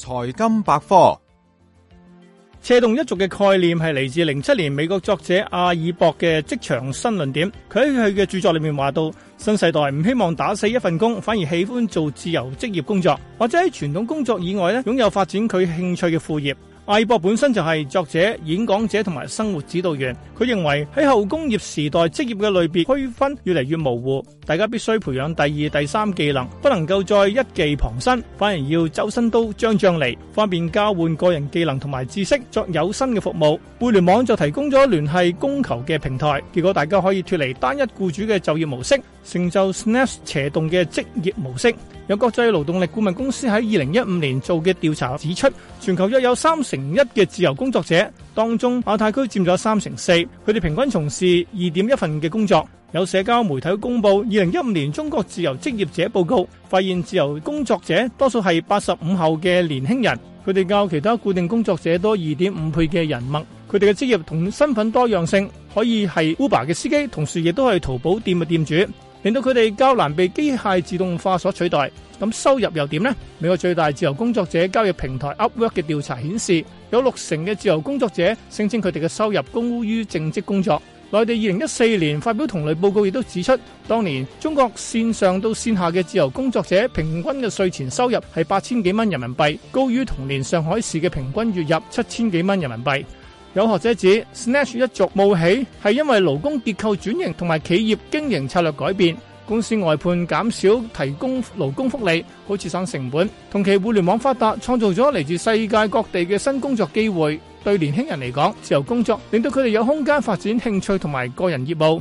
財金百科，斜槓一族嘅概念係嚟自零七年美國作者阿爾博嘅職場新論點。佢喺佢嘅著作裏面話到，新世代唔希望打死一份工，反而喜歡做自由職業工作，或者喺傳統工作以外咧，擁有發展佢興趣嘅副業。阿爾博本身就係作者、演講者同埋生活指導員。佢認為喺後工業時代，職業嘅類別區分越嚟越模糊，大家必須培養第二、第三技能，不能夠再一技傍身，反而要周身刀、張張利，方便交換個人技能同埋知識，作有新嘅服務。互聯網就提供咗聯繫供求嘅平台，結果大家可以脫離單一雇主嘅就業模式，成就 Slash 斜槓嘅職業模式。有國際勞動力顧問公司喺二零一五年做嘅調查指出，全球約有三成一嘅自由工作者當中，亞太區佔咗三成四。佢哋平均從事二點一份嘅工作。有社交媒體公佈，二零一五年中國自由職業者報告發現，自由工作者多數係八十五後嘅年輕人，佢哋較其他固定工作者多二點五倍嘅人脈。佢哋嘅職業同身份多樣性可以係 Uber 嘅司機，同時亦都可以係淘寶店嘅店主。令到佢哋較難被機械自動化所取代，咁收入又點呢？美國最大自由工作者交易平台 Upwork 嘅調查顯示，有六成嘅自由工作者聲稱佢哋嘅收入高於正職工作。內地二零一四年發表同類報告亦都指出，當年中國線上到線下嘅自由工作者平均嘅稅前收入係八千幾蚊人民幣，高於同年上海市嘅平均月入七千幾蚊人民幣。有學者指，Slash 一族冒起係因為勞工結構轉型同埋企業經營策略改變，公司外判減少提供勞工福利，好節省成本，同期互聯網發達創造咗嚟自世界各地嘅新工作機會，對年輕人嚟講，自由工作令到佢哋有空間發展興趣同埋個人業務。